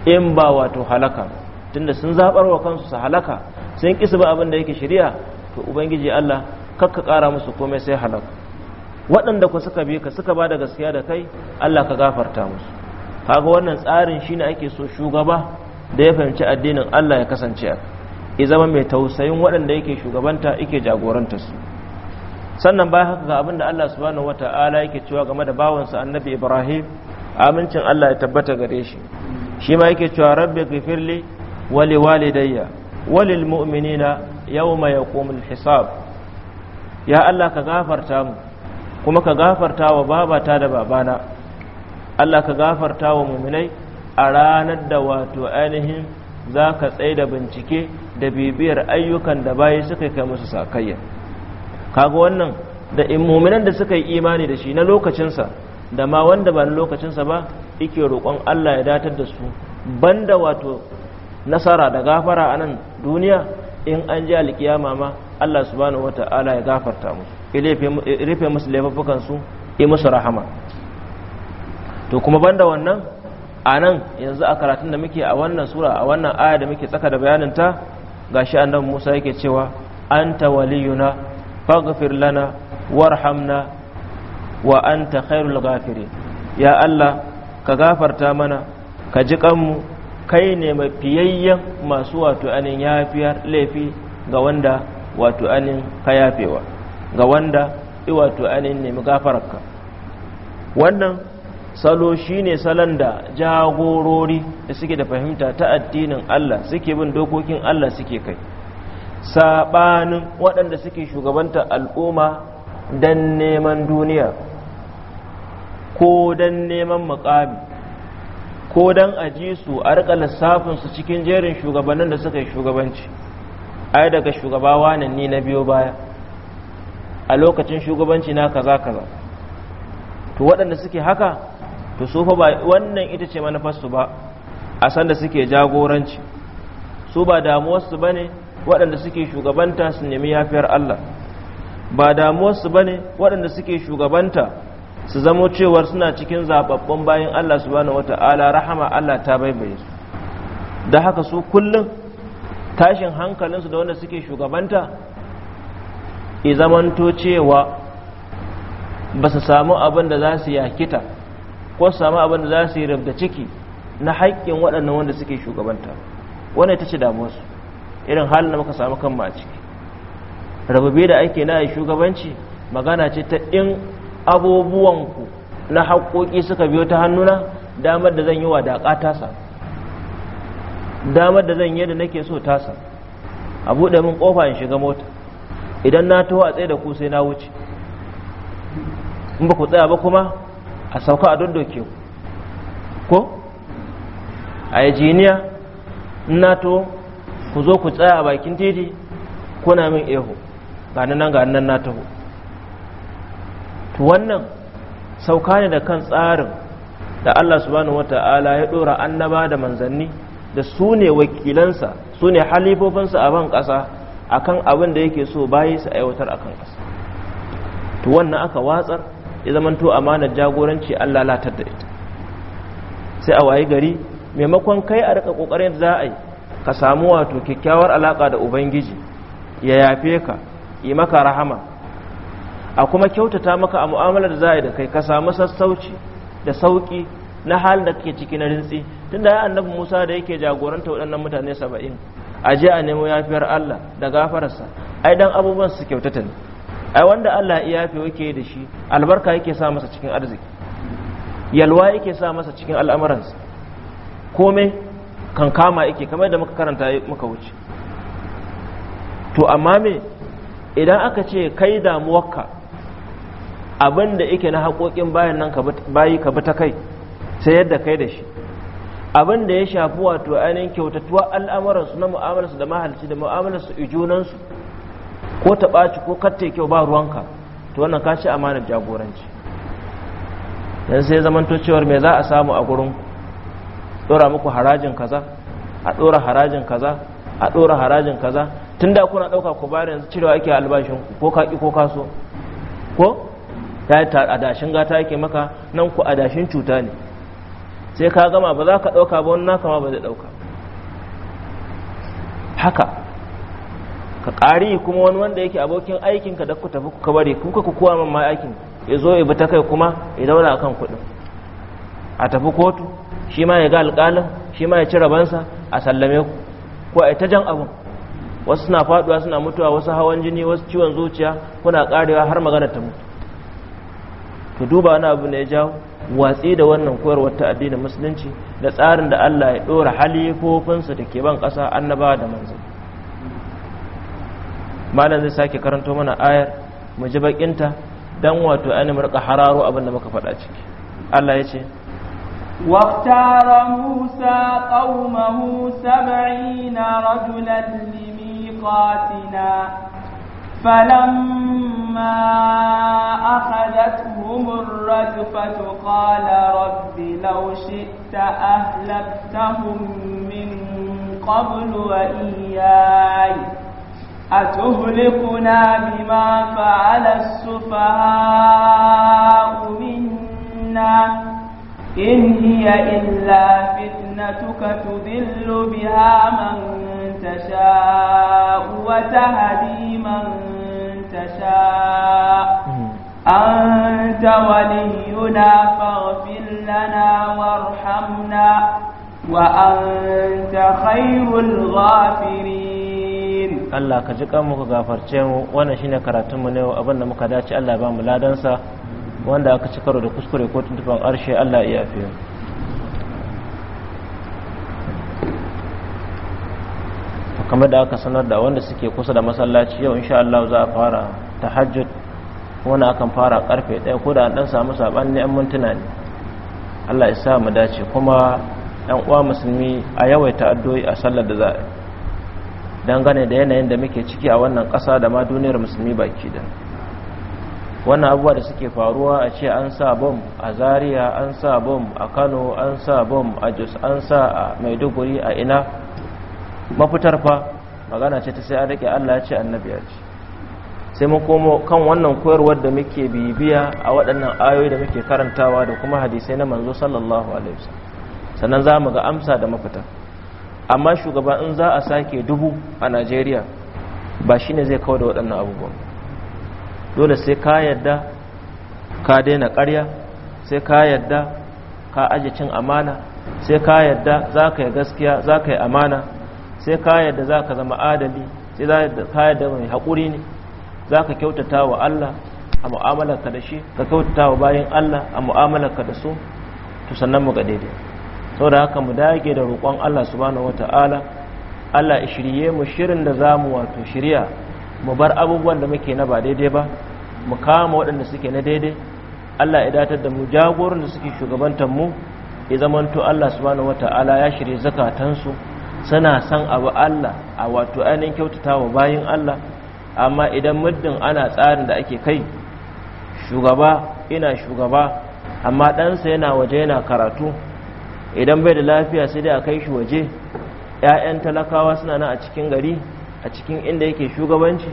in ba wato halaka tunda sun zabar wa kansu su halaka sun kisa ba abin da yake shari'a to ubangiji Allah kakka kara musu komai sai halaka waɗanda ku suka bi ka suka ba da gaskiya da kai Allah ka gafarta musu kaga wannan tsarin shine ake so shugaba da ya fahimci addinin Allah ya kasance a ya zama mai tausayin waɗanda yake shugabanta yake jagoranta su sannan baya haka ga abin da Allah subhanahu wata'ala yake cewa game da bawansa annabi Ibrahim amincin Allah ya tabbata gare shi shi ma yake cewa rabbi ghfirli wali liwalidayya wa lil mu'minina yawma yaqumul hisab ya Allah ka gafarta mu kuma ka gafarta wa babata da babana Allah ka gafarta wa muminai a ranar da wato ainihin za ka tsaye da bincike da bibiyar ayyukan da bayi suka kai musu sakayya kaga wannan da imominan da suka yi imani da shi na lokacinsa da ma wanda ba na lokacinsa ba ike roƙon Allah ya datar da su banda wato nasara da gafara a nan duniya in an ji alkiyama ma Allah subhanahu wata'ala ya gafarta musu rufe musu laifukan yi musu rahama to kuma banda wannan a nan yanzu a karatun da muke a wannan sura a wannan aya da muke tsaka da bayaninta gashi annabi Musa yake cewa an ta waliyuna faghfir lana warhamna wa an ta khairul ghafirin ya Allah ka gafarta mana ka ji kanmu kai ne mafiyayyen masu wato anin yafiyar laifi ga wanda wato anin ka yafewa ga wanda i wato anin nemi gafararka wannan salo shine salon da jagorori da suke da fahimta ta addinin Allah suke bin dokokin Allah suke kai saɓanin waɗanda suke shugabanta al'umma don neman duniya ko don neman makami ko don aji su a rika lissafinsu cikin jerin shugabannin da suka yi shugabanci ai daga shugabawa wanan ni na biyo baya a lokacin shugabanci na kaza kaza to waɗanda suke haka to su fa ba wannan ita ce manufarsu ba a sanda suke jagoranci su ba damuwarsu ba ne waɗanda suke shugabanta su nemi yafiyar Allah ba damuwarsu ba ne waɗanda suke shugabanta su zamo cewar suna cikin zaɓaɓɓen bayan Allah subhanahu wata'ala rahama Allah ta baibaye su da haka su kullum tashin hankalinsu da wanda suke shugabanta i zamanto cewa ba su samu abin da za su yakita ko samu abin da za su yi rabda ciki na haƙƙin waɗannan wanda suke shugabanta wanda ta ce damuwarsu irin halin da muka samu kanmu a ciki rababe da ake na shugabanci magana ce ta in abubuwanku na haƙoƙi suka biyo ta hannuna damar da zan yi wa daƙa tasa damar da zan yi da nake so tasa a buɗe min ƙofa in shiga mota idan na taho a tsaye da ku sai na wuce in ba ku tsaya ba kuma a sauka a dondoke ko a yajiniya na to ku zo ku tsaya a bakin titi kuna min eho ga nan ga nan na taho to wannan sauka ne da kan tsarin da Allah subhanahu wata'ala ya dora annaba da manzanni da su ne wakilansa su ne halifofinsa a ban ƙasa akan abin da yake so bayi su aiwatar akan ƙasa to wannan aka watsar ya zamanto amanar jagoranci an lalatar da ita sai a wayi gari maimakon kai a rika kokarin za a yi ka samu wato kyakkyawar alaka da ubangiji ya yafe ka yi maka rahama a kuma kyautata maka a mu'amalar da za a yi da kai ka samu sassauci da sauki na hali da ke ciki na rintsi tunda ya annabi Musa da yake jagoranta waɗannan mutane 70 aje a nemo yafiyar Allah da gafararsa ai dan abubuwan su kyautata ne ai wanda Allah ya yafe yake da shi albarka yake sa masa cikin arziki yalwa yake sa masa cikin al'amuransa komai kan kama yake kamar da muka karanta muka wuce to amma me idan aka ce kai damuwarka abin da yake na haƙoƙin bayan nan bayi ka bi ta kai sai yadda kai da shi abin da ya shafi wato ainihin kyautatuwa al'amuransu na mu'amalarsu da mahalci da mu'amalarsu ijunansu ko ta ɓaci ko katta kyau ba ruwanka to wannan ka ci amanar jagoranci dan sai to cewar me za a samu a gurin dora muku harajin kaza a dora harajin kaza a dora harajin kaza tunda kuna ɗauka ku bayar yanzu cirewa ake albashin ku ko kaki ko kaso ko ta ta adashin gata yake maka nan ku adashin cuta ne sai ka gama ba za ka ɗauka ba wani naka ma ba zai dauka haka ka ƙari kuma wani wanda yake abokin aikin ka da ku tafi ku bari kuka ku kuwa mamma aikin ya zo ya bi ta kai kuma ya daura a kan kuɗin a tafi kotu shi ma ya ga alƙalin shi ma ya ci rabansa a sallame ku ko a ta jan abin wasu suna faɗuwa suna mutuwa wasu hawan jini wasu ciwon zuciya kuna ƙarewa har magana ta mutu to duba wani abu ne ya jawo watsi da wannan koyarwar ta addinin musulunci da tsarin da Allah ya ɗora halifofinsa da ke ban ƙasa annabawa da manzanni malam zai sake karanto mana ayar mu ji bakinta dan wato ainihin rika hararo abin da muka faɗa ciki Allah ya ce واختار موسى قومه سبعين رجلا لميقاتنا فلما أخذتهم الرجفة قال رب لو شئت أهلكتهم من قبل وإياي أتهلكنا بما فعل السفهاء منا إن هي إلا فتنتك تضل بها من تشاء وتهدي من تشاء أنت ولينا فاغفر لنا وارحمنا وأنت خير الغافرين alheri Allah ka ji kan muka gafarce mu wannan shine karatun mu ne abin da muka dace Allah ba mu ladan sa wanda aka ci karo da kuskure ko tuntufan arshe Allah ya yafe kamar da aka sanar da wanda suke kusa da masallaci yau insha Allah za a fara tahajjud wani akan fara karfe ɗaya ko da an dan samu ne an mintuna ne Allah ya sa mu dace kuma ɗan uwa musulmi a yawaita addu'o'i a sallar da za dangane da yanayin da muke ciki a wannan ƙasa da ma duniyar musulmi baki da wannan abubuwa da suke faruwa a ce an sa bom a Zariya an sa bom a kano an sa bom a jos an sa a maiduguri a ina mafitar fa magana ce ta sai a rike allah ce annabi ya ce sai mu komo kan wannan koyarwar da muke bibiya a waɗannan ayoyi da muke karantawa da kuma hadisai na manzo sallallahu alaihi wasallam sannan za mu ga amsa da mafita amma shugaba in za a sake dubu a najeriya ba shi ne zai kawo da waɗannan abubuwan dole sai ka yadda ka daina karya sai ka yadda ka aje cin amana sai ka yadda za ka yi gaskiya za ka yi amana sai ka yadda za ka zama adali sai ka yadda mai haƙuri ne za ka kyautata wa allah a mu'amalarka da shi ka kyautata wa bayan allah a mu'amalarka da su to sannan mu ga daidai saboda haka mu dage da roƙon Allah subhanahu wata'ala Allah ya shirye mu shirin da zamu wato shirya mu bar abubuwan da muke na ba daidai ba mu kama waɗanda suke na daidai Allah ya datar da mu jagoran da suke shugabantar mu ya zamanto Allah subhanahu wata'ala ya shirye zakatansu suna san abu Allah a wato ainihin kyautata wa bayin Allah amma idan muddin ana tsarin da ake kai shugaba ina shugaba amma ɗansa yana waje yana karatu idan bai da lafiya sai dai a kai shi waje 'ya'yan talakawa suna nan a cikin gari a cikin inda yake shugabanci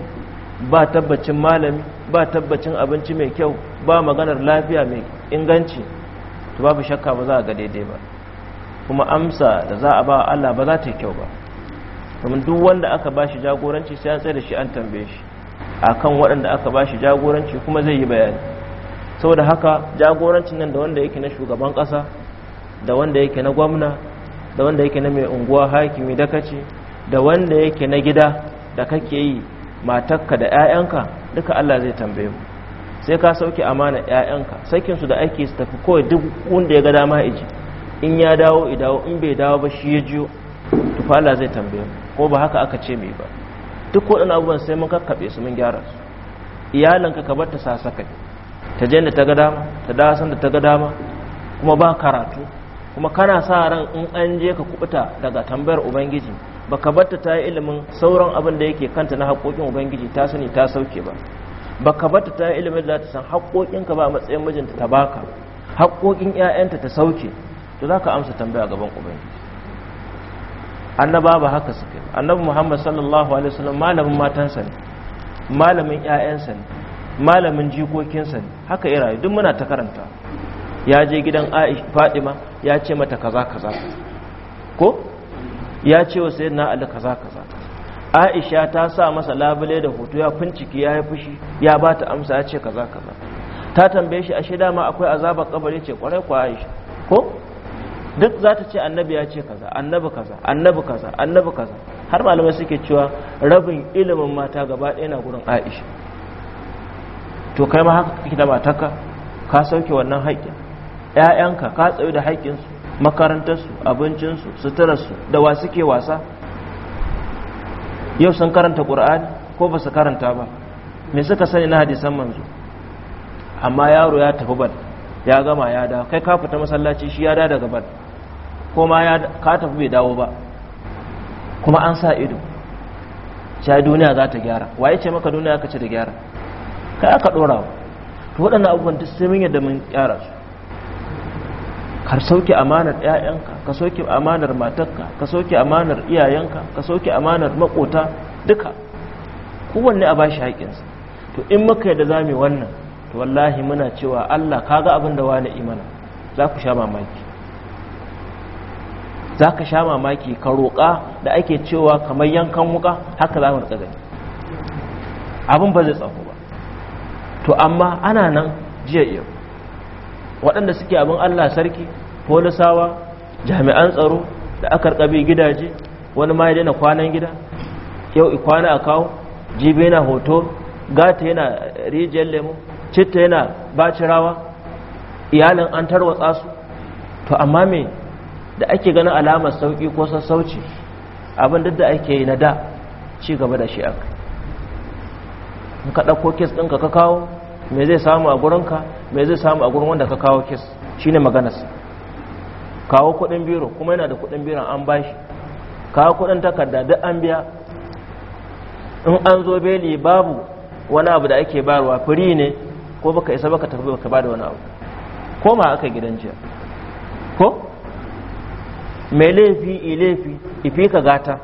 ba tabbacin malami ba tabbacin abinci mai kyau ba maganar lafiya mai inganci to babu shakka ba za a ga daidai ba kuma amsa da za a ba Allah ba za ta yi kyau ba domin duk wanda aka ba shi jagoranci sai an tsaye da shi an tambaye shi akan waɗanda aka ba shi jagoranci kuma zai yi bayani saboda haka jagorancin nan da wanda yake na shugaban ƙasa da wanda yake na gwamna da wanda yake na mai unguwa hakimi da kace da wanda yake na gida da kake yi matakka da 'ya'yanka duka Allah zai tambaye mu sai ka sauke amana 'ya'yanka sakin su da ake su tafi ko duk wanda ya ga dama iji in ya dawo dawo in bai dawo ba shi ya jiyo fa Allah zai tambaye mu ko ba haka aka ce mai ba duk wadannan abubuwan sai mun kakkaɓe su mun gyara su iyalanka ka bar ta sasakai ta je da ta ga dama ta dawo san da ta ga dama kuma ba karatu kuma kana sa ran in an je ka kubuta daga tambayar ubangiji baka batta ta yi ilimin sauran abin da yake kanta na haƙoƙin ubangiji ta sani ta sauke ba baka batta ta yi ilimin da ta san ka ba a matsayin mijinta ta baka haƙoƙin 'ƴaƴanta ta sauke to za ka amsa tambaya gaban ubangiji annaba ba haka suke annabi muhammad sallallahu alaihi wasallam malamin matansa ne malamin 'ƴaƴansa ne malamin jikokinsa ne haka irayi rayu duk muna ta karanta ya je gidan fadima ya ce mata kaza kaza ko ya ce wa sayyidina ali kaza kaza aisha ta sa masa labule da hoto ya finciki ya yi fushi ya ba ta amsa ya ce kaza kaza ta tambaye shi ashe dama akwai azabar kabari ce kwarai kwa aisha ko duk za ta ce annabi ya ce kaza annabi kaza annabi kaza annabi kaza har malamai suke cewa rabin ilimin mata gaba ɗaya na gurin aisha to kai ma haka kake da mataka ka sauke wannan haƙƙin ‘ya'yanka ka tsayo da haƙƙinsu makarantarsu abincinsu suturarsu da wa suke wasa yau sun karanta ƙur'ani ko ba su karanta ba me suka sani na hadisan manzo amma yaro ya tafi bal ya gama ya da kai ka fita masallaci shi ya da daga bal ko ma ya ka tafi bai dawo ba kuma an sa ido sha duniya za ta gyara waye ce maka duniya ka ce da gyara kai aka dora to waɗannan abubuwan duk sai mun yadda mun gyara su har sauke amanar 'ya'yanka ka sauke amanar matarka ka sauke amanar iyayenka ka sauke amanar makota duka kowanne a bashi haƙinsa to in muka yadda zamu wannan to wallahi muna cewa Allah ka ga abin da wani imana za ku sha mamaki za ka sha mamaki ka roƙa da ake cewa kamar yankan wuka haka za mu rika gani abin ba zai tsafo ba to amma ana nan jiya iya waɗanda suke abin Allah sarki polisawa jami'an tsaro da aka rikabi gidaje wani ma ya daina kwanan gida yau ikwana a kawo Jibi yana hoto gata yana rijiyar lemo citta yana bacirawa. iyalin an tarwatsa su to amma me da ake ganin alamar sauki ko sassauci abin duk da ake yi na da ci gaba da shi aka in ka ɗauko kes ɗinka ka kawo me zai samu a gurinka me zai samu a gurin wanda ka kawo kes shine maganarsa kawo kudin biro kuma yana da kudin biro an bashi kawo kudin takarda duk an biya in an zo beli babu wani abu da ake barwa firi ne ko baka isa baka tafi baka bada wani abu ko ma aka gidan jiya ko mai laifi ilefi ifi ka gata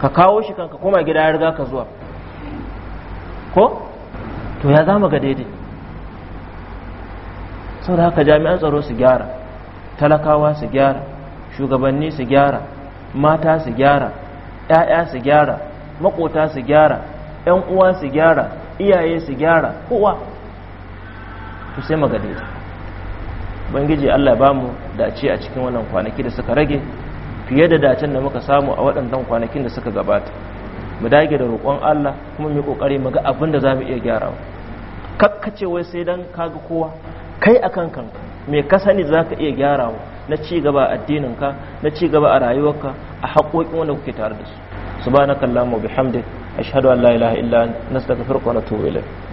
ka kawo shi kanka koma gida ya riga ka zuwa ko to ya zama ga daidai sau da haka jami'an tsaro su gyara talakawa su gyara shugabanni su gyara mata su gyara 'ya'ya su gyara makota su gyara 'yan uwa su gyara iyaye su gyara kowa to sai magadaita bangiji Allah ba mu dace a cikin wannan kwanaki da suka rage fiye da dacen da muka samu a waɗannan kwanakin da suka gabata mu dage da roƙon Allah kuma mu yi kokari mu ga abin da za mu iya gyarawa kakkacewa sai dan kaga kowa kai akan kanka me ka sani za ka iya gyara mu na ci gaba a addininka na ci gaba a rayuwarka a haƙoƙin wanda kuke tare da su subhanakallahumma bihamdik ashhadu an la ilaha illa anta astaghfiruka wa atubu ilayk